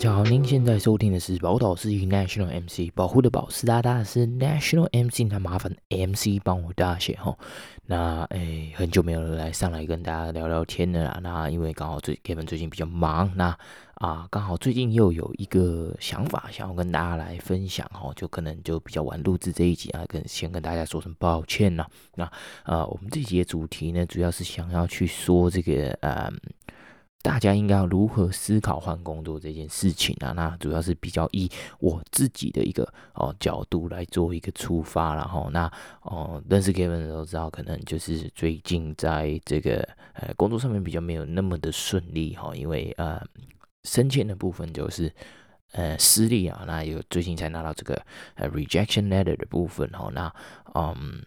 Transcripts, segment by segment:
大家好，您現在收聽的是寶島司機 National MC 保護的寶是大大是 National MC。那麻煩 MC 幫我大寫。哦、那誒，很久沒有來上來跟大家聊聊天了啦。那因為剛好最 Kevin 最近比較忙，那啊、呃，剛好最近又有一個想法想要跟大家來分享哈、哦，就可能就比較晚錄製這一集啊，跟先跟大家說聲抱歉了。那呃，我們這集的主題呢，主要是想要去說這個嗯。呃大家應該要如何思考換工作這件事情啊？那主要是比較以我自己的一個哦角度來做一個出發啦，然後那哦認識 Gavin 的都知道，可能就是最近在這個呃工作上面比較沒有那麼的順利哈，因為呃升遷的部分就是呃失利啊，那有最近才拿到這個呃 rejection letter 的部分哈，那嗯。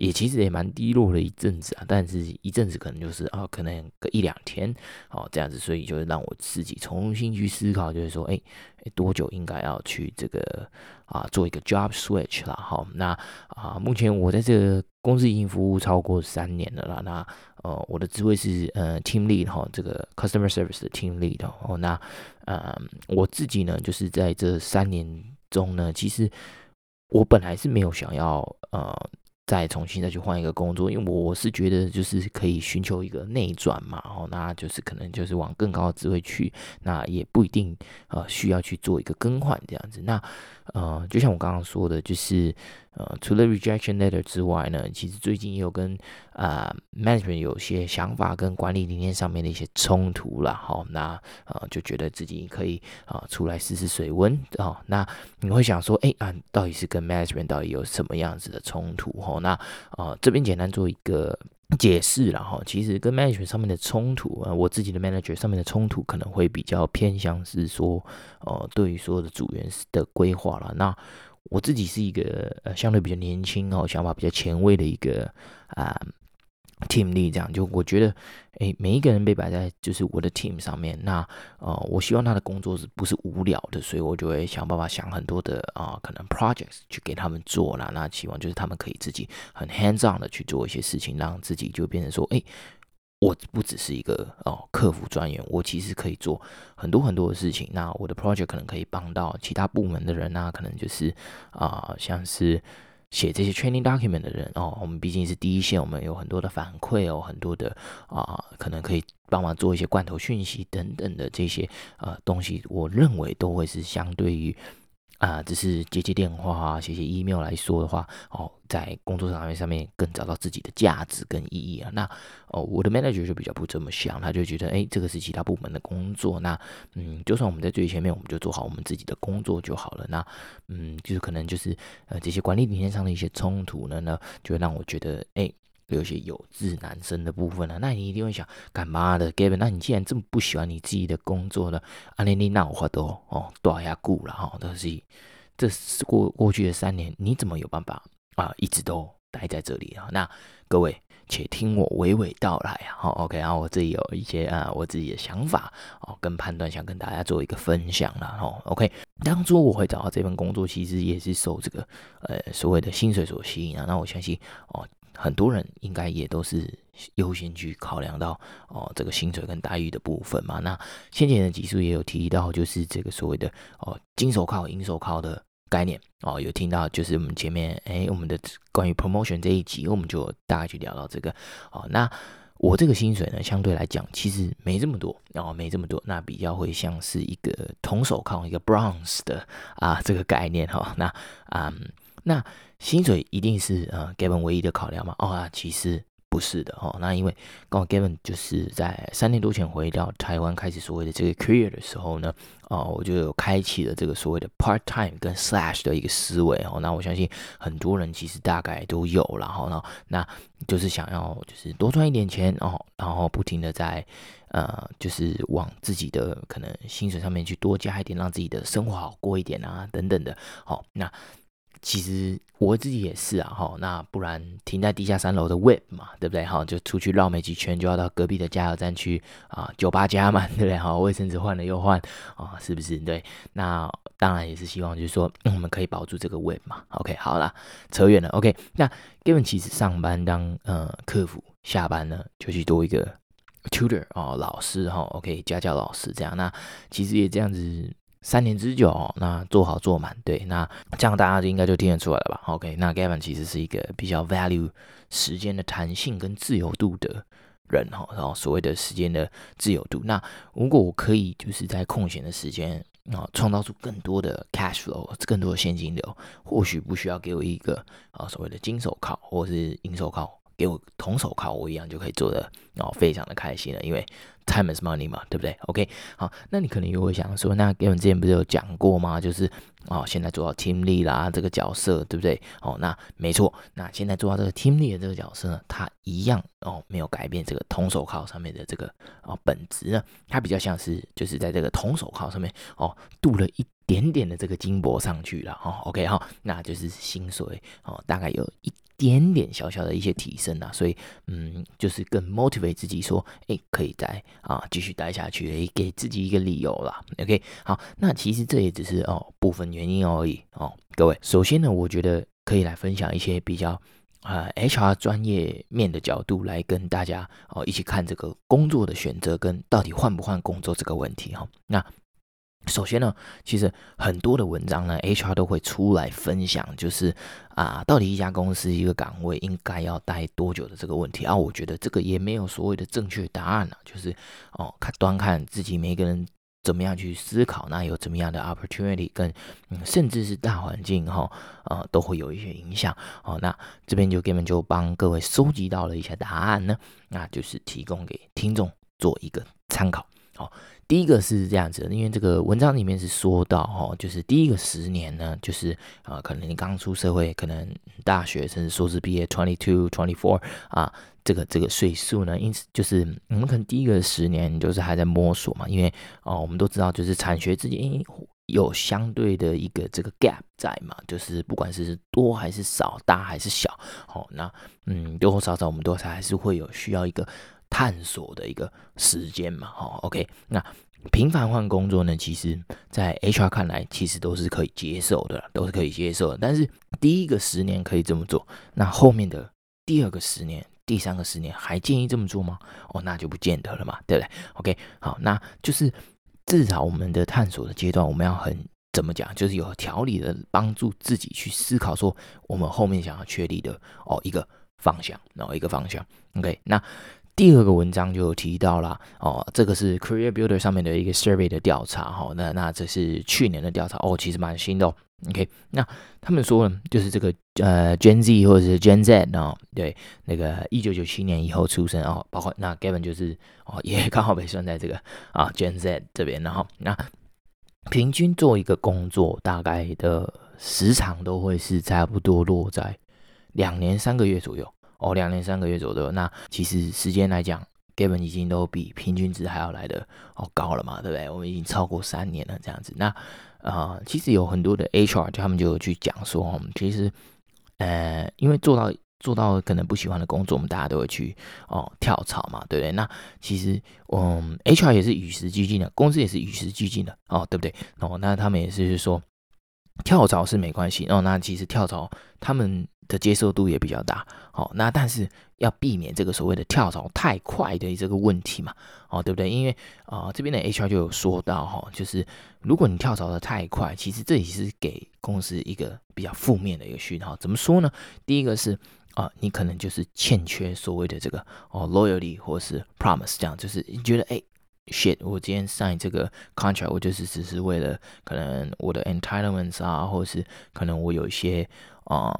也其實也蠻低落的一陣子啊，但是一陣子可能就是啊，可能一兩天，好，這樣子，所以就讓我自己重新去思考，就是說，哎、欸欸，多久應該要去這個啊，做一個 job switch 啦，好，那啊，目前我在這個公司已經服務超過三年了啦，那呃，我的職位是呃 team lead 哈，這個 customer service 的 team lead 哦，那嗯、呃，我自己呢，就是在這三年中呢，其實我本來是沒有想要呃。再重新再去換一個工作，因為我是覺得就是可以尋求一個內轉嘛，然後那就是可能就是往更高的職位去，那也不一定呃需要去做一個更換這樣子那。呃，就像我剛剛說的，就是呃，除了 rejection letter 之外呢，其實最近也有跟呃 management 有些想法跟管理理念上面的一些衝突啦，哈、哦，那呃就覺得自己可以啊、呃、出來試試水溫，哦，那你會想說，誒，啊，到底是跟 management 到底有什麼樣子的衝突？哦，那呃這邊簡單做一個。解釋了哈，其實跟 manager 上面的衝突啊，我自己的 manager 上面的衝突可能會比較偏向是說，哦，對於所有的組員的規劃啦。那我自己是一個呃相對比較年輕哦，想法比較前衛的一個啊。嗯 team leader，這樣就我覺得，誒、欸，每一個人被擺在就是我的 team 上面，那呃，我希望他的工作是不是無聊的，所以我就會想辦法想很多的啊、呃，可能 projects 去給他們做啦。那希望就是他們可以自己很 hands on 的去做一些事情，讓自己就變成說，誒、欸，我不只是一個哦、呃、客服專員，我其實可以做很多很多的事情。那我的 project 可能可以幫到其他部門的人啊，可能就是啊、呃，像是。寫這些 training document 的人哦，我們畢竟是第一線，我們有很多的反饋哦，很多的啊、呃，可能可以幫忙做一些罐頭訊息等等的這些啊、呃，東西，我認為都會是相對於。啊、呃，只是接接電話、啊、寫寫 email 來說的話，哦，在工作上面上面更找到自己的價值跟意義啊。那哦，我的 manager 就比較不這麼想，他就覺得，誒、欸，這個是其他部門的工作，那嗯，就算我們在最前面，我們就做好我們自己的工作就好了。那嗯，就是可能就是呃，這些管理理念上的一些衝突呢，呢，就會讓我覺得，誒、欸。有些有志男生的部分呢、啊，那你一定會想幹嘛的 Gavin，那你既然這麼不喜歡你自己的工作呢，阿蓮蓮那我話多哦，大家顧了哈，都是這過過去的三年，你怎麼有辦法啊，一直都待在這裡啊？那各位且聽我娓娓道來啊！好、喔、OK，啊，我這裡有一些啊我自己的想法哦、喔、跟判斷，想跟大家做一個分享了哈、喔。OK，當初我會找到這份工作，其實也是受這個呃所謂的薪水所吸引啊。那我相信哦。喔很多人應該也都是優先去考量到哦，這個薪水跟待遇的部分嘛。那先前的集數也有提到，就是這個所謂的哦“金手銬”“銀手銬”的概念哦。有聽到就是我們前面哎、欸，我們的關於 promotion 這一集，我們就大概去聊到這個哦。那我這個薪水呢，相對來講其實沒這麼多哦，沒這麼多。那比較會像是一個銅手銬，一個 bronze 的啊，這個概念哈、哦。那啊。嗯那薪水一定是呃 Gavin 唯一的考量嘛？哦，其實不是的哦。那因為剛好 Gavin 就是在三年多前回到台灣開始所謂的這個 career 的時候呢，哦，我就有開啟了這個所謂的 part time 跟 slash 的一個思維哦。那我相信很多人其實大概都有啦，然後呢，那就是想要就是多賺一點錢哦，然後不停的在呃就是往自己的可能薪水上面去多加一點，讓自己的生活好過一點啊等等的。好，哦，那。其實我自己也是啊，哈，那不然停在地下三樓的 web 嘛，對不對？哈，就出去繞沒幾圈，就要到隔壁的加油站去啊，九八加滿嘛，對不對？哈，衛生紙換了又換啊、哦，是不是？對，那當然也是希望，就是說、嗯、我們可以保住這個 web 嘛。OK，好啦，扯遠了。OK，那 Gavin 其實上班當呃客服，下班呢就去多一個 tutor 哦，老師哈、哦、，OK，家教老師這樣。那其實也這樣子三年之久哦，那做好做滿，對，那這樣大家就應該就聽得出來了吧？OK，那 Gavin 其實是一個比較 value 時間的彈性跟自由度的人哈，然後所謂的時間的自由度，那如果我可以就是在空閒的時間啊，創造出更多的 cash flow，更多的現金流，或許不需要給我一個啊所謂的金手銬或是銀手銬。給我銅手銬，我一樣就可以做的哦，非常的開心了。因為 time is money 嘛，對不對？OK，好，那你可能又會想說，那我們之前不是有講過嗎？就是哦，現在做到 team lead 啦這個角色，對不對？哦，那沒錯。那現在做到這個 team lead 的這個角色呢，他一樣哦，沒有改變這個銅手銬上面的這個哦本質啊，它比較像是就是在這個銅手銬上面哦鍍了一點點的這個金箔上去了哦。OK 哈，那就是薪水哦，大概有一。點點小小的一些提升啊，所以嗯，就是更 motivate 自己說，哎、欸，可以再啊繼續待下去，哎、欸，給自己一個理由啦。OK，好，那其實這也只是哦部分原因而已哦。各位，首先呢，我覺得可以來分享一些比較啊、呃、HR 專業面的角度來跟大家哦一起看這個工作的選擇跟到底換不換工作這個問題哈、哦。那首先呢，其實很多的文章呢，HR 都會出來分享，就是啊，到底一家公司一個崗位應該要待多久的這個問題啊，我覺得這個也沒有所謂的正確答案了、啊，就是哦，看端看自己每一個人怎麼樣去思考，那有怎麼樣的 opportunity 跟、嗯、甚至是大環境哈啊、哦呃，都會有一些影響。好、哦，那這邊就 Gavin 就幫各位收集到了一些答案呢，那就是提供給聽眾做一個參考。好、哦。第一個是這樣子，因為這個文章裡面是說到哦，就是第一個十年呢，就是啊、呃，可能你剛出社會，可能大學生碩士畢業，twenty two twenty four 啊，這個這個歲數呢，因此就是我們、嗯、可能第一個十年就是還在摸索嘛，因為哦、呃，我們都知道就是產學之間有相對的一個這個 gap 在嘛，就是不管是多還是少，大還是小，好、哦，那嗯，多或少少，我們都才還是會有需要一個。探索的一個時間嘛，哈、哦，OK，那頻繁換工作呢？其實，在 HR 看來，其實都是可以接受的，都是可以接受的。但是第一個十年可以這麼做，那後面的第二個十年、第三個十年，還建議這麼做嗎？哦，那就不見得了嘛，對不對？OK，好，那就是至少我們的探索的階段，我們要很怎麼講？就是有條理的幫助自己去思考，說我們後面想要確立的哦一個方向，然後哦一個方向，OK，那。第二個文章就有提到啦，哦，這個是 Career Builder 上面的一個 survey 的調查哈，哦。那那這是去年的調查哦，其實蠻新的，哦。OK，那他們說呢，就是這個呃 Gen Z 或者是 Gen Z 啊，哦，對那個一九九七年以後出生哦，包括那 Gavin 就是哦，也剛好被算在這個啊，哦，Gen Z 這邊。然後，哦，那平均做一個工作大概的時長都會是差不多落在兩年三個月左右。哦，兩年三個月左右，那其實時間來講，Gavin 已經都比平均值還要來得哦高了嘛，對不對？我們已經超過三年了這樣子。那啊、呃，其實有很多的 HR 就他們就去講說，我、嗯、們其實呃，因為做到做到可能不喜歡的工作，我們大家都會去哦跳槽嘛，對不對？那其實嗯，HR 也是與時俱進的，公司也是與時俱進的哦，對不對？哦，那他們也是，就是說。跳槽是沒關係哦，那其實跳槽他們的接受度也比較大，好，哦，那但是要避免這個所謂的跳槽太快的這個問題嘛，哦，對不對？因為啊、呃，這邊的 HR 就有說到哈、哦，就是如果你跳槽的太快，其實這也是給公司一個比較負面的一個訊號。怎麼說呢？第一個是啊、呃，你可能就是欠缺所謂的這個哦 loyalty 或是 promise，這樣就是你覺得誒。欸 shit，我今天 sign 這個 contract，我就是只是為了可能我的 entitlements 啊，或者是可能我有一些，嗯，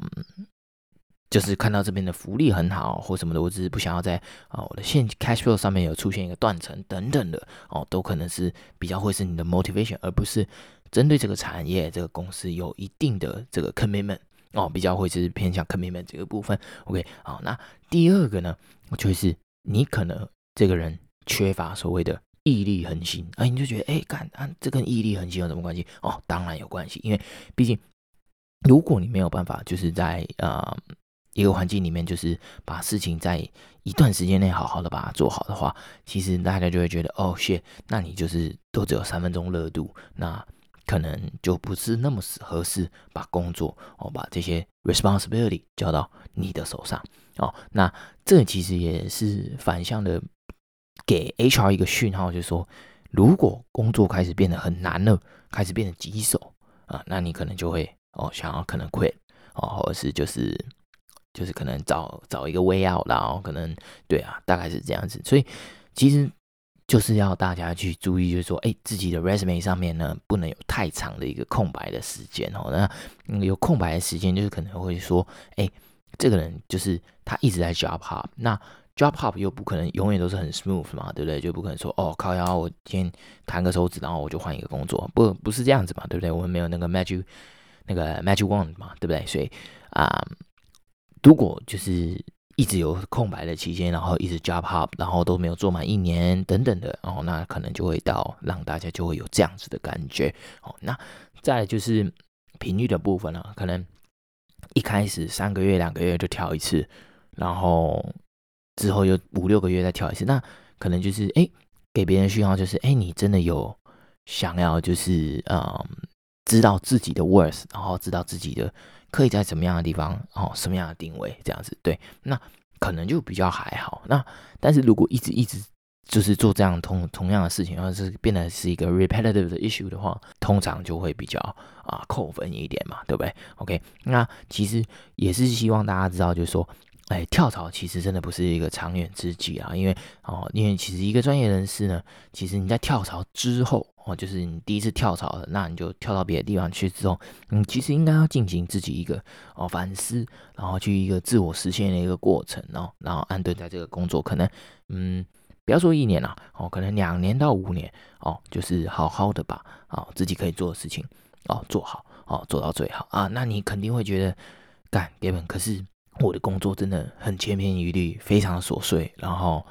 就是看到這邊的福利很好或什麼的，我只是不想要在啊我的現 cash flow 上面有出現一個斷層等等的，哦，都可能是比較會是你的 motivation，而不是針對這個產業、這個公司有一定的這個 commitment，哦，比較會是偏向 commitment 這個部分。OK，好，那第二個呢，就是你可能這個人缺乏所謂的。毅力恆心，哎、欸，你就覺得，哎、欸，幹、啊，這跟毅力恆心有什麼關係？哦，當然有關係，因為畢竟，如果你沒有辦法，就是在啊、呃、一個環境裡面，就是把事情在一段時間內好好的把它做好的話，其實大家就會覺得，哦，shit，那你就是都只有三分鐘熱度，那可能就不是那麼合適把工作哦把這些 responsibility 交到你的手上哦，那這其實也是反向的。給 HR 一個訊號，就是說，如果工作開始變得很難了，開始變得棘手啊，那你可能就會哦，想要可能 quit 哦，或者是就是就是可能找找一個 way out，然後可能對啊，大概是這樣子。所以其實就是要大家去注意，就是說哎，自己的 resume 上面呢，不能有太長的一個空白的時間哦。那有空白的時間，就是可能會說，哎，這個人就是他一直在 job hop，那。Job hop 又不可能永遠都是很 smooth 嘛，對不對？就不可能說哦靠腰，我今天彈個手指，然後我就換一個工作，不不是這樣子嘛，對不對？我們沒有那個 magic 那個 magic wand 嘛，對不對？所以啊、嗯，如果就是一直有空白的期間，然後一直 job hop，然後都沒有做滿一年等等的，哦，那可能就會到讓大家就會有這樣子的感覺哦。那再來就是頻率的部分了、啊，可能一開始三個月兩個月就跳一次，然後。之後又五六個月再跳一次，那可能就是哎、欸，給別人訊號就是哎、欸，你真的有想要就是呃、嗯，知道自己的 worth 然後知道自己的可以在什麼樣的地方哦，什麼樣的定位這樣子，對，那可能就比較還好。那但是如果一直一直就是做這樣同同樣的事情，而是變得是一個 repetitive 的 issue 的話，通常就會比較啊扣分一點嘛，對不對？OK，那其實也是希望大家知道，就是說。哎，跳槽其實真的不是一個長遠之計啊！因為哦，因為其實一個專業人士呢，其實你在跳槽之後哦，就是你第一次跳槽了，那你就跳到別的地方去之後，你其實應該要進行自己一個哦反思，然後去一個自我實現的一個過程，然後然後安頓在這個工作，可能嗯，不要說一年了、啊、哦，可能兩年到五年哦，就是好好的把，啊、哦、自己可以做的事情哦做好哦做到最好啊，那你肯定會覺得幹 Gavin 可是。我的工作真的很千篇一律，非常的瑣碎，然後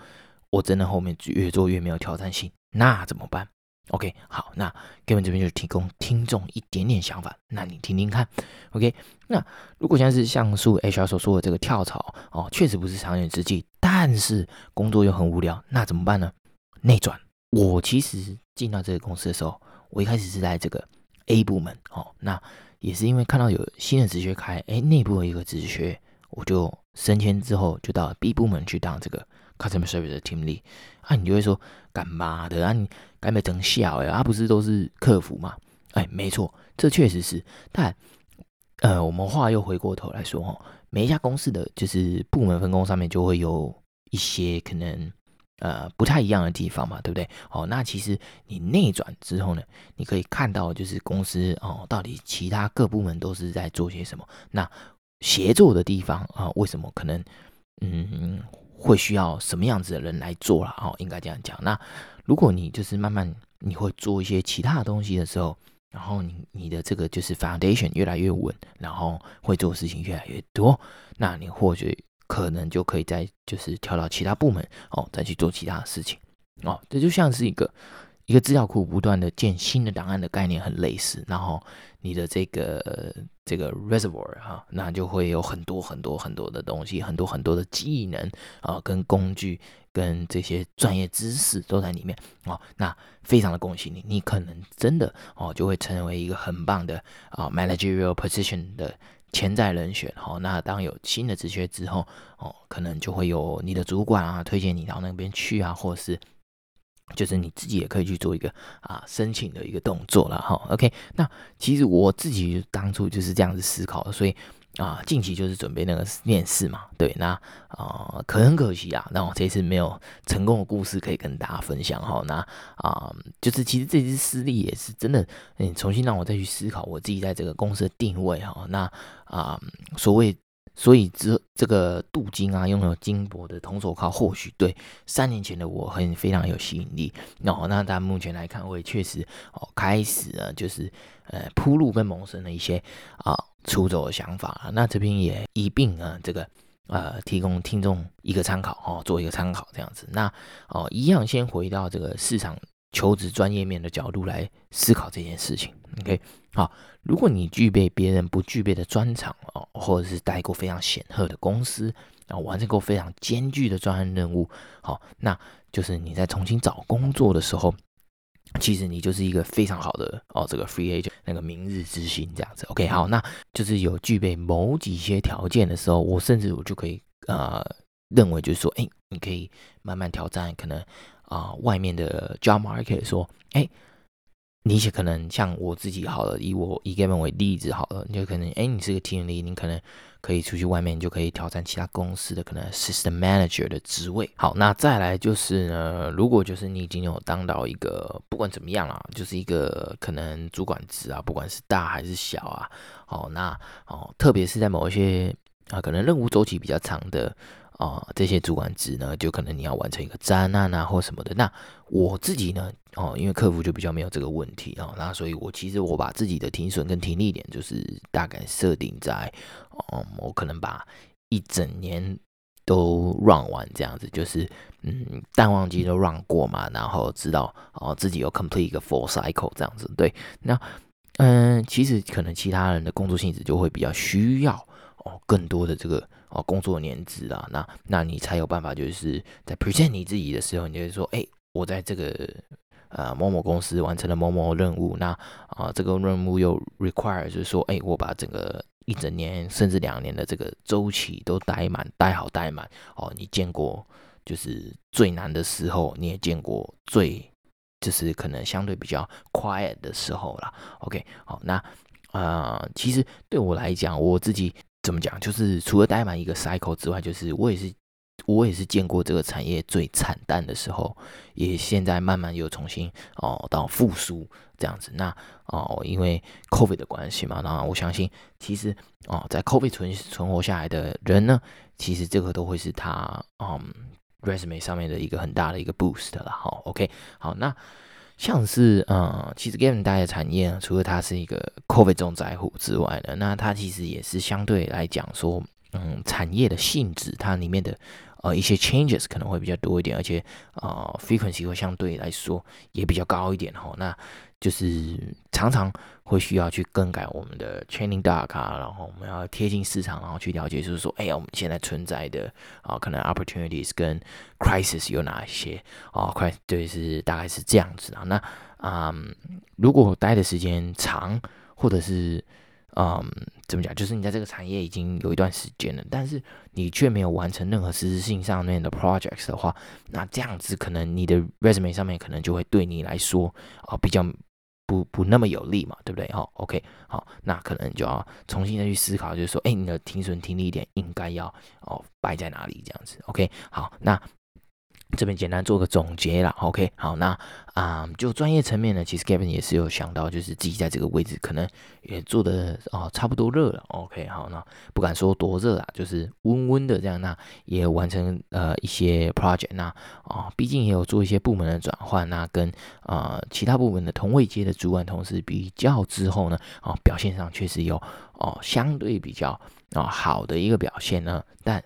我真的後面越做越沒有挑戰性，那怎麼辦？OK，好，那 Gavin 這邊就提供聽眾一點點想法，那你聽聽看。OK，那如果像是像素 HR 所說的這個跳槽哦，確實不是長遠之計，但是工作又很無聊，那怎麼辦呢？內轉。我其實進到這個公司的時候，我一開始是在這個 A 部門哦，那也是因為看到有新的職缺開，哎，內部的一個職缺。我就升遷之後，就到 B 部門去當這個 customer service 的 team lead 啊，你就會說幹嘛的啊？你幹嘛成小哎，啊，不是都是客服嗎？哎，沒錯，這確實是。但呃，我們話又回過頭來說哈，每一家公司的就是部門分工上面就會有一些可能呃不太一樣的地方嘛，對不對？哦，那其實你內轉之後呢，你可以看到就是公司哦，到底其他各部門都是在做些什麼，那。協作的地方啊，哦，為什麼可能嗯會需要什麼樣子的人來做了哦，應該這樣講。那如果你就是慢慢你會做一些其他的東西的時候，然後你你的這個就是 foundation 越來越穩，然後會做事情越來越多，那你或許可能就可以再就是跳到其他部門哦，再去做其他的事情哦。這就像是一個。一個資料庫不斷的建新的檔案的概念很類似，然後你的這個、呃、這個 reservoir 哈、啊，那就會有很多很多很多的東西，很多很多的技能啊，跟工具跟這些專業知識都在裡面、啊、那非常的恭喜你，你可能真的哦、啊、就會成為一個很棒的啊 managerial position 的潛在人選、啊、那當有新的職缺之後哦、啊，可能就會有你的主管啊推薦你到那邊去啊，或是。就是你自己也可以去做一個啊申請的一個動作了哈，OK？那其實我自己當初就是這樣子思考，所以啊近期就是準備那個面試嘛，對，那啊、呃、可很可惜啊，那我這次沒有成功的故事可以跟大家分享哈，那啊就是其實這次失利也是真的，嗯，重新讓我再去思考我自己在這個公司的定位哈，那啊所謂。所以這這個鍍金啊，擁有金箔的銅手銬，或許對三年前的我很非常有吸引力。哦、no，那但目前來看，我也確實哦開始啊，就是呃鋪路跟萌生了一些啊、呃、出走的想法。那這邊也一併啊這個呃提供聽眾一個參考哦、呃，做一個參考這樣子。那哦、呃、一樣先回到這個市場，求職專業面的角度來思考這件事情。OK，好，如果你具備別人不具備的專長哦，或者是待過非常顯赫的公司，啊、哦，完成過非常艱巨的專案任務，好，那就是你在重新找工作的時候，其實你就是一個非常好的哦，這個 free agent 那個明日之星這樣子。OK，好，那就是有具備某幾些條件的時候，我甚至我就可以啊、呃，認為就是說、欸，你可以慢慢挑戰可能。啊、呃，外面的 job market 說，哎、欸，你可能像我自己好了，以我以 Gameon 為例子好了，你就可能，哎、欸，你是個 T N D，你可能可以出去外面，你就可以挑戰其他公司的可能 system manager 的職位。好，那再來就是呢，如果就是你已經有當到一個，不管怎麼樣啦，就是一個可能主管職啊，不管是大還是小啊，好、哦，那哦，特別是在某一些啊，可能任務周期比較長的。啊、哦，這些主管職呢，就可能你要完成一個專案啊，或什麼的。那我自己呢，哦，因為客服就比較沒有這個問題哦，那所以我其實我把自己的停損跟停利點，就是大概設定在，嗯，我可能把一整年都 run 完這樣子，就是嗯淡旺季都 run 過嘛，然後知道哦自己有 complete 一個 full cycle 這樣子。對，那嗯，其實可能其他人的工作性質就會比較需要哦更多的這個。哦，工作年資啊，那那你才有辦法，就是在 present 你自己的時候，你就會說，哎、欸，我在這個啊、呃、某某公司完成了某某任務，那啊、呃、這個任務又 require 就是說，哎、欸，我把整個一整年甚至兩年的這個周期都待滿，待好待滿，哦，你見過就是最難的時候，你也見過最就是可能相對比較 quiet 的時候啦。OK，好，那啊、呃，其實對我來講，我自己。怎麼講？就是除了待滿一個 cycle 之外，就是我也是，我也是見過這個產業最慘淡的時候，也現在慢慢又重新哦到復甦這樣子。那哦，因為 COVID 的關係嘛，那我相信其實哦，在 COVID 存存活下來的人呢，其實這個都會是他嗯 resume 上面的一個很大的一個 boost 了。好，OK，好，那。像是，呃、嗯，其實 Game 大的產業，除了它是一個 COVID 重災戶之外呢，那它其實也是相對來講說，嗯，產業的性質，它裡面的。呃，一些 changes 可能會比較多一點，而且，呃，frequency 會相對來說也比較高一點哈。那，就是常常會需要去更改我們的 training data，啊，然後我們要貼近市場，然後去了解，就是說，哎呀，我們現在存在的啊，呃，可能 opportunities 跟 crisis 有哪一些啊？快，對，是大概是這樣子啊。那，嗯，如果待的時間長，或者是嗯，怎麼講？就是你在這個產業已經有一段時間了，但是你卻沒有完成任何實質性上面的 projects 的話，那這樣子可能你的 resume 上面可能就會對你來說啊、哦、比較不不那麼有利嘛，對不對？哈、哦、OK，好，那可能就要重新再去思考，就是說，哎、欸，你的停損停利點應該要哦擺在哪裡這樣子？OK，好，那。這邊簡單做個總結啦，OK，好，那啊、嗯，就專業層面呢，其實 Gavin 也是有想到，就是自己在這個位置可能也做得哦、呃，差不多熱了，OK，好，那不敢說多熱啊，就是溫溫的這樣，那也完成呃一些 project，那啊，呃，畢竟也有做一些部門的轉換，那跟啊、呃、其他部門的同位階的主管同事比較之後呢，啊、呃，表現上確實有哦、呃、相對比較啊、呃、好的一個表現呢，但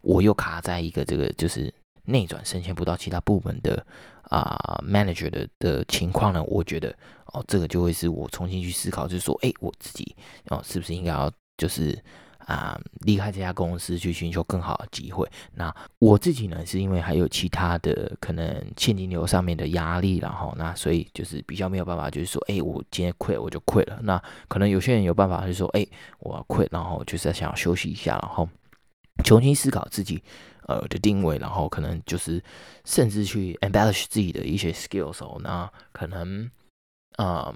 我又卡在一個這個就是。內轉升遷不到其他部門的啊、呃、manager 的的情況呢，我覺得哦，這個就會是我重新去思考，就是說，誒、欸，我自己哦，是不是應該要就是啊，離、呃、開這家公司去尋求更好的機會？那我自己呢，是因為還有其他的可能現金流上面的壓力，然後那所以就是比較沒有辦法，就是說，誒、欸，我今天 quit 我就 quit 了。那可能有些人有辦法，就是說，誒、欸，我要 quit，然後就是想要休息一下，然後重新思考自己。呃的定位，然後可能就是甚至去 embellish 自己的一些 skills 時、哦、那可能嗯、呃，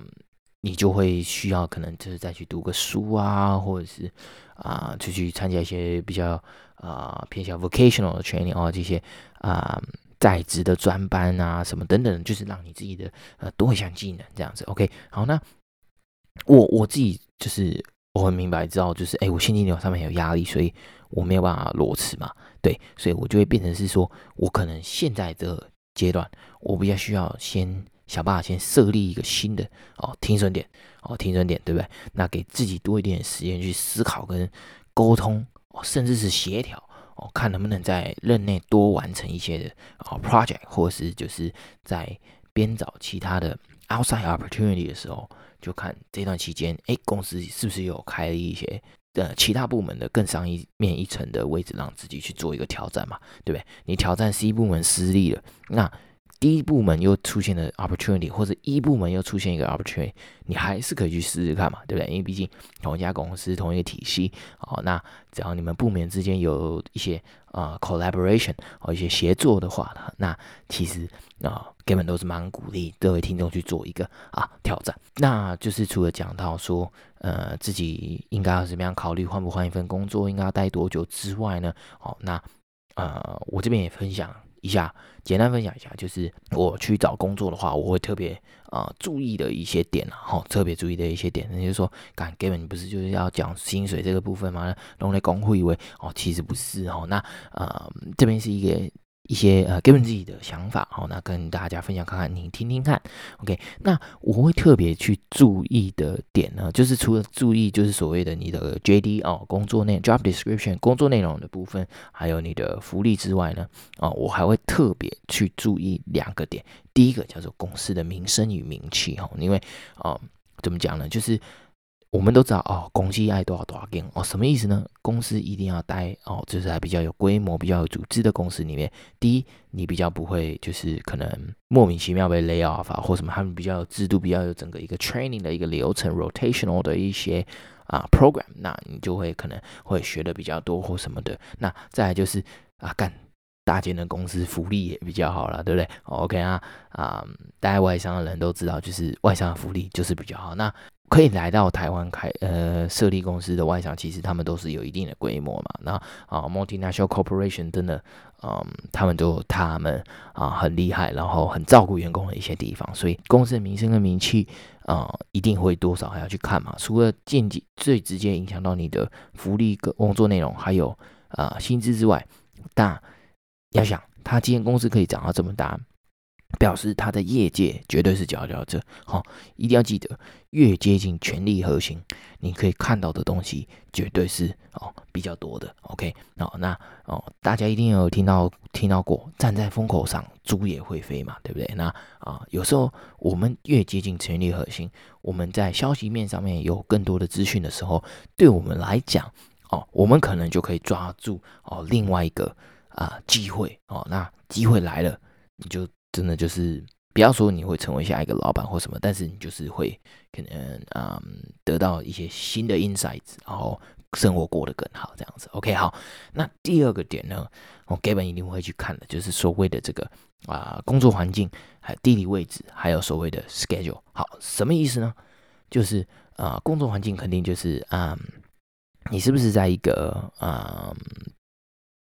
你就會需要可能就是再去讀個書啊，或者是啊，就、呃、去，去參加一些比較啊、呃、偏向 vocational 的 training 啊、哦、這些啊、呃、在職的專班啊什麼等等，就是讓你自己的呃多一項技能這樣子。OK，好，那我我自己就是我很明白知道，就是哎，我現金流上面有壓力，所以。我沒有辦法裸辭嘛？對，所以我就會變成是說，我可能現在這個階段，我比較需要先想辦法，爸爸先設立一個新的哦，停損點哦，停損點，對不對？那給自己多一點時間去思考跟溝通哦，甚至是協調哦，看能不能在任內多完成一些的哦，project，或者是就是在編找其他的 outside opportunity 的時候，就看這段期間，誒、欸，公司是不是有開一些。呃，其他部門的更上一面一層的位置，讓自己去做一個挑戰嘛，對不對？你挑戰 C 部門失利了，那 D 部門又出現了 opportunity，或者 E 部門又出現一個 opportunity，你還是可以去試試看嘛，對不對？因為畢竟同一家公司、同一個體系，哦，那只要你們部門之間有一些啊、呃、collaboration 或、哦、一些協作的話呢，那其實啊。呃根本都是蠻鼓勵各位聽眾去做一個啊挑戰，那就是除了講到說呃自己應該要怎麼樣考慮換不換一份工作，應該要待多久之外呢？好、哦，那呃我這邊也分享一下，簡單分享一下，就是我去找工作的話，我會特別啊、呃、注意的一些點啊，好，特別注意的一些點，那就是說，剛 Gavin 不是就是要講薪水這個部分嗎？認為工會以為哦，其實不是哦，那呃這邊是一個。一些呃，根本自己的想法，好，那跟大家分享看看，你聽聽看，OK。那我會特別去注意的點呢，就是除了注意就是所謂的你的 JD 哦，工作內 job description 工作內容的部分，還有你的福利之外呢，哦，我還會特別去注意兩個點。第一個叫做公司的名聲與名氣，哈，因為哦、呃，怎麼講呢，就是。我們都知道哦，公司要多少多少間哦，什麼意思呢？公司一定要待哦，就是在比較有規模、比較有組織的公司裡面。第一，你比較不會就是可能莫名其妙被 lay off 啊，或什麼。他們比較有制度，比較有整個一個 training 的一個流程，rotational 的一些啊 program，那你就會可能會學的比較多或什麼的。那再來就是啊，幹大間的公司福利也比較好了，對不對？OK 啊啊，待、嗯、外商的人都知道，就是外商的福利就是比較好。那可以來到台灣開呃設立公司的外商，其實他們都是有一定的規模嘛。那啊 multinational corporation 真的，嗯，他們都他們啊很厲害，然後很照顧員工的一些地方。所以公司的名聲跟名氣啊、呃，一定會多少還要去看嘛。除了間接最直接影響到你的福利跟工作內容，還有啊、呃、薪資之外，但要想他今天公司可以長到這麼大。表示他的業界絕對是佼佼者。好、哦，一定要記得，越接近權力核心，你可以看到的東西絕對是哦比較多的。OK，哦，那哦，大家一定有聽到聽到過，站在風口上，豬也會飛嘛，對不對？那啊、哦，有時候我們越接近權力核心，我們在消息面上面有更多的資訊的時候，對我們來講，哦，我們可能就可以抓住哦另外一個啊機會哦。那機會來了，你就。真的就是不要說你會成為下一個老闆或什麼，但是你就是會可能嗯得到一些新的 insights，然後生活過得更好這樣子。OK，好，那第二個點呢，我基本一定會去看的，就是所謂的這個啊、呃、工作環境、還有地理位置，還有所謂的 schedule。好，什麼意思呢？就是啊、呃、工作環境肯定就是啊、嗯、你是不是在一個啊。嗯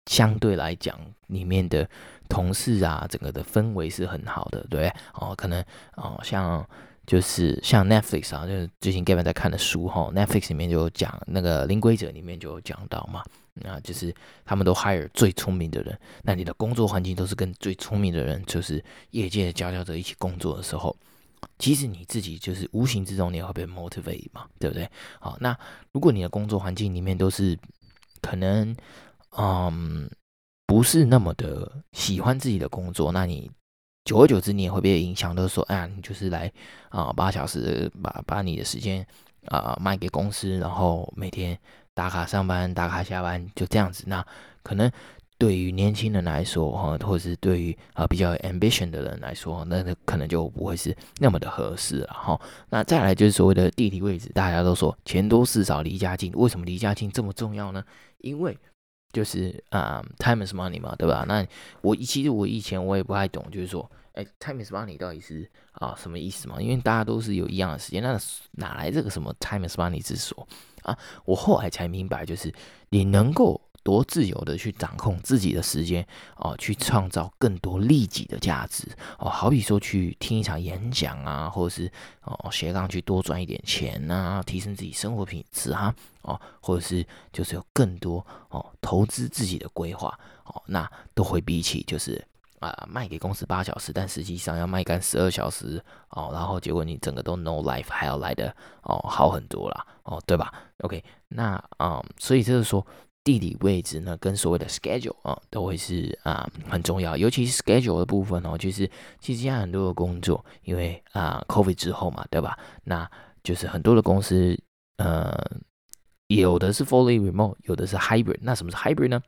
相對來講，裡面的同事啊，整個的氛圍是很好的，對，哦，可能哦，像就是像 Netflix 啊，就是最近 Gavin 在看的書哈，哦，Netflix 裡面就有講那個《零規則》，裡面就有講到嘛，那就是他們都 hire 最聰明的人，那你的工作環境都是跟最聰明的人，就是業界佼佼者一起工作的時候，即使你自己就是無形之中你也會被 motivate 嘛，對不對？好，那如果你的工作環境裡面都是可能。嗯、um,，不是那麼的喜歡自己的工作，那你久而久之你也會被影響，到、就是、說，哎、啊，你就是來啊八小時把，把把你的時間啊賣給公司，然後每天打卡上班打卡下班就這樣子。那可能對於年輕人來說哈，或者是對於啊比較有 ambition 的人來說，那那可能就不會是那麼的合適了哈。那再來就是所謂的地理位置，大家都說錢多事少離家近，為什麼離家近這麼重要呢？因為就是啊，um，time is money 嘛，對吧？那我其實我以前我也不太懂，就是說，哎，time is money 到底是啊什麼意思嘛？因為大家都是有一樣的時間，那哪來這個什麼 time is money 之說啊？我後來才明白，就是你能夠，多自由的去掌控自己的時間哦、呃，去創造更多利己的價值哦、呃，好比說去聽一場演講啊，或者是哦、呃、斜槓去多賺一點錢啊，提升自己生活品質啊哦、呃，或者是就是有更多哦、呃、投資自己的規劃哦，那都會比起就是啊、呃、賣給公司八小時，但實際上要賣幹十二小時哦、呃，然後結果你整個都 no life 還要來得哦、呃、好很多啦哦、呃，對吧？OK，那啊、呃，所以就是說。地理位置呢，跟所謂的 schedule 啊，都會是啊很重要。尤其是 schedule 的部分哦，就是其實現在很多的工作，因為啊，COVID 之後嘛，對吧？那就是很多的公司，嗯、呃，有的是 fully remote，有的是 hybrid。那什麼是 hybrid 呢？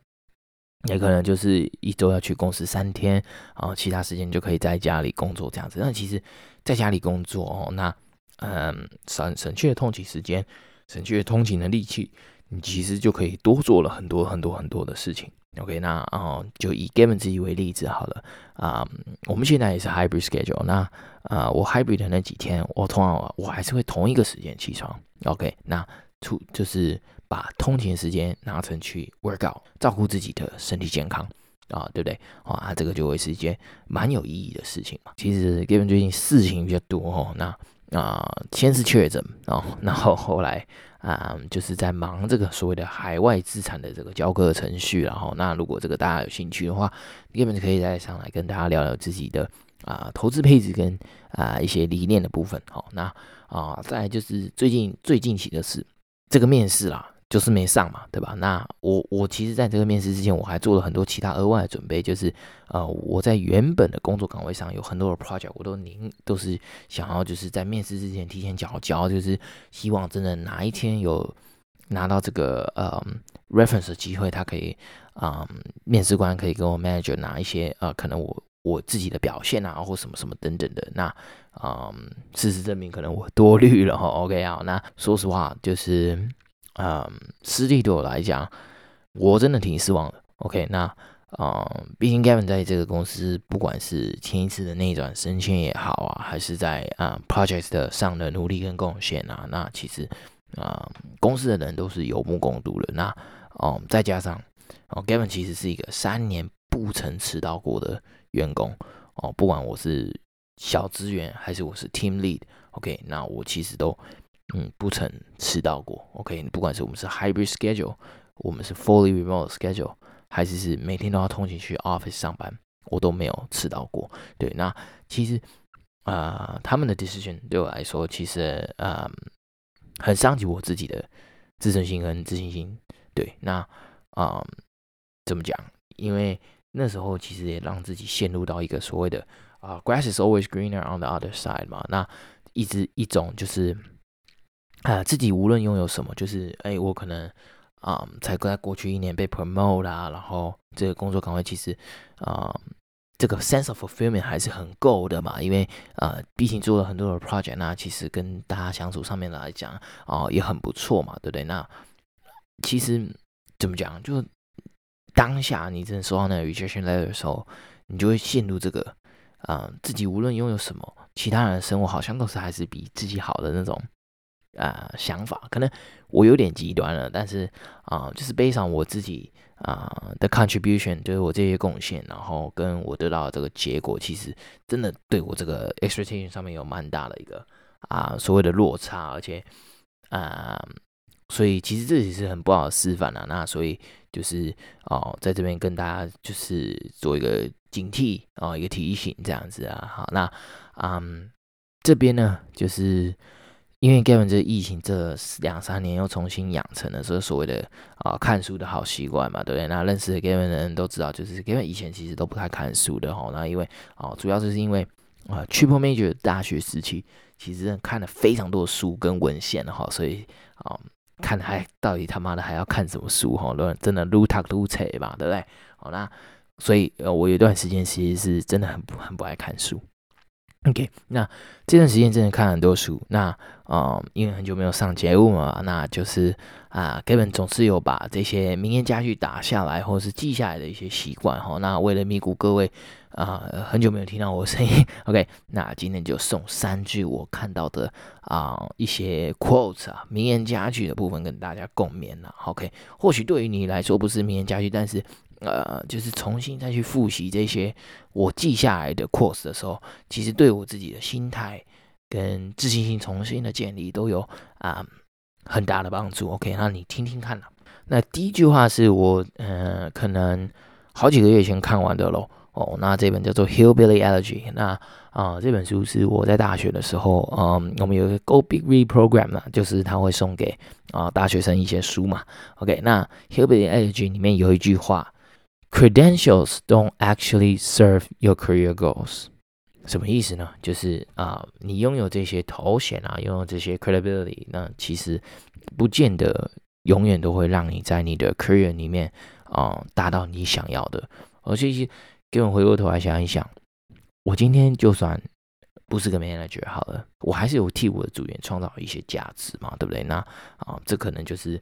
也可能就是一周要去公司三天，然後、啊、其他時間就可以在家裡工作這樣子。那其實，在家裡工作哦，那嗯，省省去的通勤時間，省去的通勤的力氣。你其實就可以多做了很多很多很多的事情。OK，那啊，uh, 就以 Gavin 自己為例子好了啊。Um, 我們現在也是 Hybrid schedule，那啊，uh, 我 Hybrid 的那幾天，我通常我還是會同一個時間起床。OK，那出就是把通勤時間拿成去 work out，照顧自己的身體健康啊，uh, 對不對？啊，uh，這個就會是一件蠻有意義的事情嘛。其實 Gavin 最近事情比較多哦，那啊，uh, 先是確診啊，然後後來。啊、嗯，就是在忙這個所謂的海外資產的這個交割程序，然後那如果這個大家有興趣的話，你根本就可以再上來跟大家聊聊自己的啊投資配置跟啊一些理念的部分，好，那啊再來就是最近最近期，的是這個面試啦。就是沒上嘛，對吧？那我我其實，在這個面試之前，我還做了很多其他額外的準備。就是，呃，我在原本的工作崗位上有很多的 project，我都您都是想要就是在面試之前提前講教。就是希望真的哪一天有拿到這個呃 reference 的機會，他可以，啊、呃、面試官可以跟我 manager 拿一些，呃，可能我我自己的表現啊，或什麼什麼等等的。那，嗯、呃，事實證明，可能我多慮了。OK，啊，那說實話，就是。啊、呃，失利對我來講，我真的挺失望的。OK，那啊、呃，畢竟 Gavin 在這個公司，不管是前一次的內轉升遷也好啊，還是在啊、呃、project 上的努力跟貢獻啊，那其實啊、呃，公司的人都是有目共睹的。那哦、呃，再加上哦、呃、，Gavin 其實是一個三年不曾遲到過的員工哦、呃，不管我是小職員還是我是 team lead，OK，、okay, 那我其實都。嗯，不曾遲到過。OK，不管是我們是 hybrid schedule，我們是 fully remote schedule，還是是每天都要通勤去 office 上班，我都沒有遲到過。對，那其實啊、呃，他們的 decision 對我來說，其實嗯、呃，很傷及我自己的自尊心跟自信心。對，那啊、呃，怎麼講？因為那時候其實也讓自己陷入到一個所謂的啊、呃、，grass is always greener on the other side 嘛。那一直一種就是。啊，自己無論擁有什麼，就是哎、欸，我可能啊，才在、呃、在過去一年被 promote 啦、啊，然後這個工作崗位其實啊、呃，這個 sense of fulfillment 還是很夠的嘛，因為呃，畢竟做了很多的 project 啊，其實跟大家相處上面來講啊、呃，也很不錯嘛，對不對？那其實怎麼講，就當下你真的收到那個 rejection letter 的時候，你就會陷入這個啊、呃，自己無論擁有什麼，其他人的生活好像都是還是比自己好的那種。啊、呃，想法可能我有點極端了，但是啊、呃，就是 based on 我自己啊、呃、的 contribution，就是我這些貢獻，然後跟我得到這個結果，其實真的對我這個 expectation 上面有蠻大的一個啊、呃、所謂的落差，而且啊、呃，所以其實這也是很不好示範的、啊。那所以就是哦、呃，在這邊跟大家就是做一個警惕啊、呃，一個提醒這樣子啊。好，那嗯、呃，這邊呢就是。因為 Gavin 這疫情這兩三年又重新養成了說所謂的啊、呃、看書的好習慣嘛，對不對？那認識 Gavin 的人都知道，就是 Gavin 以前其實都不太看書的吼。那因為啊、呃，主要就是因為啊 Triple Major 大學時期其實看了非常多書跟文獻哈，所以啊、呃，看還到底他媽的還要看什麼書哈，亂真的擼塔擼扯吧，對不對？好，哦，那所以呃，我有一段時間其實是真的很不很不愛看書。OK，那這段時間真的看很多書，那啊、呃，因為很久沒有上節目嘛，那就是啊，基、呃、本總是有把這些名言佳句打下來或是記下來的一些習慣哈。那為了彌補各位啊、呃、很久沒有聽到我的聲音，OK，那今天就送三句我看到的啊、呃、一些 quotes 啊名言佳句的部分跟大家共勉了、啊。OK，或許對於你來說不是名言佳句，但是。呃，就是重新再去複習這些我記下來的 course 的時候，其實對我自己的心態跟自信心重新的建立都有啊、嗯、很大的幫助。OK，那你聽聽看啦、啊。那第一句話是我呃可能好幾個月以前看完的咯。哦，那這本叫做 Hillbilly Elegy, 那《Hillbilly Elegy》。那啊，這本書是我在大學的時候，嗯、呃，我們有一個 Go Big Read Program 嘛，就是他會送給啊、呃、大學生一些書嘛。OK，那《Hillbilly Elegy》裡面有一句話，Credentials don't actually serve your career goals，什麼意思呢？就是啊、呃，你擁有這些頭銜啊，擁有這些 credibility，那其實不見得永遠都會讓你在你的 career 裡面啊、呃、達到你想要的。而且給我回過頭來想一想，我今天就算不是個 manager 好了，我還是有替我的組員創造一些價值嘛，對不對？那啊、呃，這可能就是。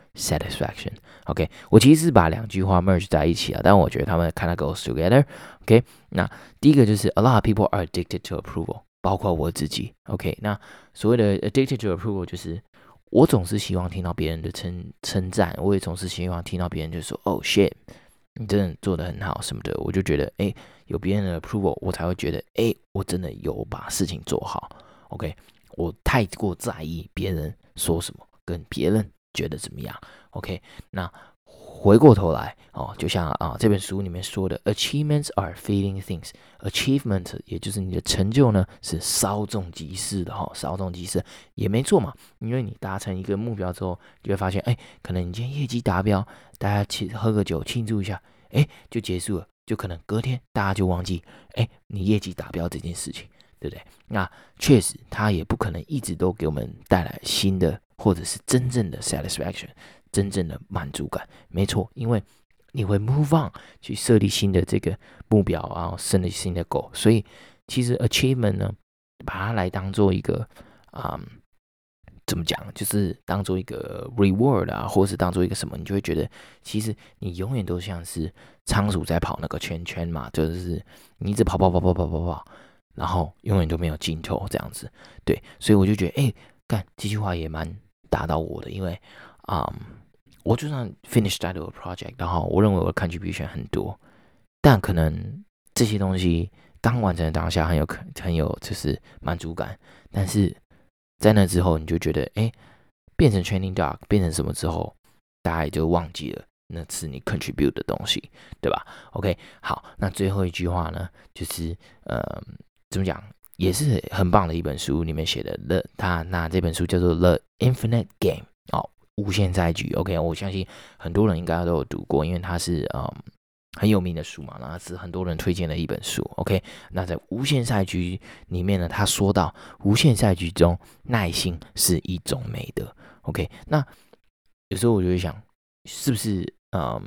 Satisfaction. OK，我其實是把兩句話 merge 在一起了、啊，但我覺得他們 kind of goes together. OK，那第一個就是 a lot of people are addicted to approval，包括我自己 OK，那所謂的 addicted to approval，就是我總是希望聽到別人的稱稱讚，我也總是希望聽到別人就說，oh shit，你真的做得很好什麼的，我就覺得，哎、欸，有別人的 approval，我才會覺得，哎、欸，我真的有把事情做好 OK，我太過在意別人說什麼，跟別人。覺得怎麼樣？OK，那回過頭來哦，就像啊、哦、這本書裡面說的，achievements are fleeting things。achievement 也就是你的成就呢，是稍縱即逝的哈、哦，稍縱即逝也沒錯嘛。因為你達成一個目標之後，就會發現，哎、欸，可能你今天業績達標，大家去喝個酒慶祝一下，哎、欸，就結束了，就可能隔天大家就忘記，哎、欸，你業績達標這件事情，對不對？那確實，它也不可能一直都給我們帶來新的。或者是真正的 satisfaction，真正的滿足感，沒錯，因為你會 move on 去設立新的這個目標啊，設立新的 goal，所以其實 achievement 呢，把它來當做一個啊、嗯，怎麼講，就是當做一個 reward 啊，或是當做一個什麼，你就會覺得其實你永遠都像是倉鼠在跑那個圈圈嘛，就是你一直跑跑跑跑跑跑跑，然後永遠都沒有盡頭這樣子，對，所以我就覺得，哎、欸，幹這句話也蠻。達到我的，因為，嗯，我就算 finish that project，然後我認為我的 contribution 很多，但可能這些東西剛完成的當下很有可很有就是滿足感，但是在那之後你就覺得，誒、欸，變成 training dog，變成什麼之後，大家也就忘記了那次你 contribute 的東西，對吧？OK，好，那最後一句話呢，就是，嗯，怎麼講？也是很棒的一本書，裡面寫的了他，那這本書叫做《The Infinite Game》哦，無限賽局。OK，我相信很多人應該都有讀過，因為它是、嗯、很有名的書嘛，然後是很多人推薦的一本書。OK，那在無限賽局裡面呢，他說到無限賽局中耐心是一種美德。OK，那有時候我就會想，是不是嗯？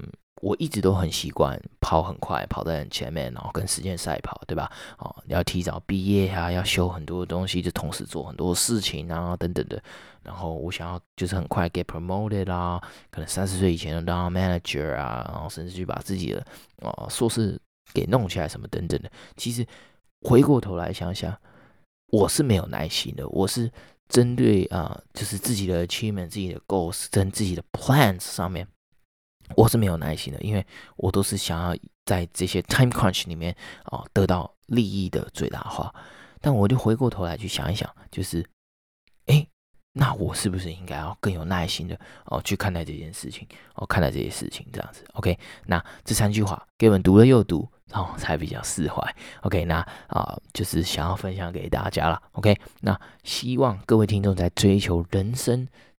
我一直都很習慣跑很快，跑在很前面，然後跟時間賽跑，對吧？哦，要提早畢業啊，要修很多的東西，就同時做很多事情啊，等等的。然後我想要就是很快 get promoted 啊，可能三十歲以前當 manager 啊，然後甚至去把自己的啊、呃、碩士給弄起來什麼等等的。其實回過頭來想想，我是沒有耐心的，我是針對啊、呃，就是自己的 achievement、自己的 goals、跟自己的 plans 上面。我是沒有耐心的，因為我都是想要在這些 time crunch 裡面哦得到利益的最大化。但我就回過頭來去想一想，就是，誒、欸、那我是不是應該要更有耐心的哦去看待這件事情，哦看待這些事情這樣子？OK，那這三句話給我們讀了又讀，然後，哦，才比較釋懷。OK，那啊就是想要分享給大家啦。OK，那希望各位聽眾在追求人生，